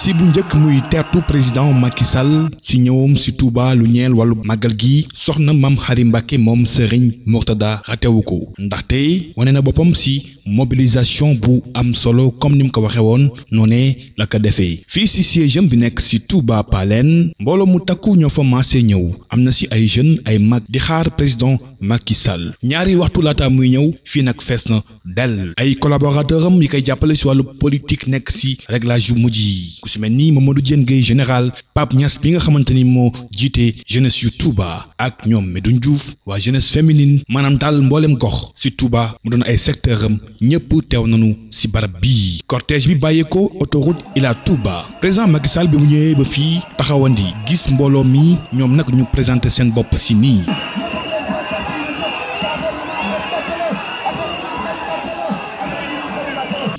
si bu njëkk muy teertu président Macky Sall ci ñëwam si Touba lu ñeel wàllu màggal gi soxna Mame Khary Mbacké moom Serigne Mourtada ratewu ko ndaxte wane na boppam si mobilisation bu am solo comme ni mu ko waxee woon noonee la ko defee fii si siège am bi nekk si Touba Palen mbooloo mu takku ñoo fa maasee ñëw am na si ay jeunes ay mag di xaar président Macky Sall ñaari waxtu laata muy ñëw fii nag fees na del ay collaborateur am yi koy jàppale si wàllu politique nekk si réglage yu mujj yi ku si mel nii ni Mamadou Diène Gueye général Pape ñas bi nga xamante ni moo jiitee jeunesse yu Touba ak ñoom Medoune juuf waa jeunesse féminine maanaam daal mboolem gox si Touba mu doon ay secteur am ñëpp teew nañu ci barab bii cortège bi bàyyeekoo autoroute Ila Touba président Macky Sall bi mu ñëwee ba fii taxawandi gis mbooloo mi ñoom nag ñu présenté seen bopp ci nii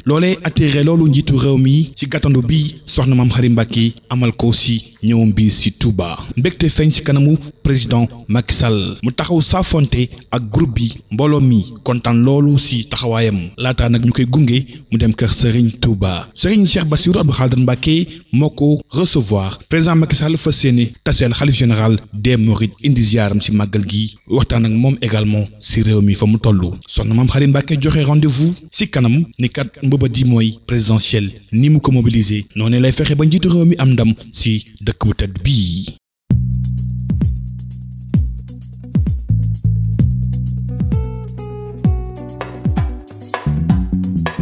loole attiré loolu njiitu réew mi ci gàttandu bi soxna maam Xari Mbàkke amal ko ci ñëwam bii si Touba mbégte feeñ si kanamu président Macky Sall mu taxaw saafonte ak groupe bi mbooloo mi kontaan loolu si taxawaayam laataa nag ñu koy gunge mu dem kër Serigne Touba Serigne Cheikh Bassirou Abdou Khadre Mbacké moo ko recevoir président Macky Sall fas yéene taseel xalif général des Mourides indi ziaram si màggal gi waxtaan ak moom également si réew mi fa mu toll sonn Mame Khary Mbacké joxe rendez-vous si kanam ni kat mbëbët di mooy présidentiel ni mu ko mobiliser mi am ndam si dëkk bu tedd bii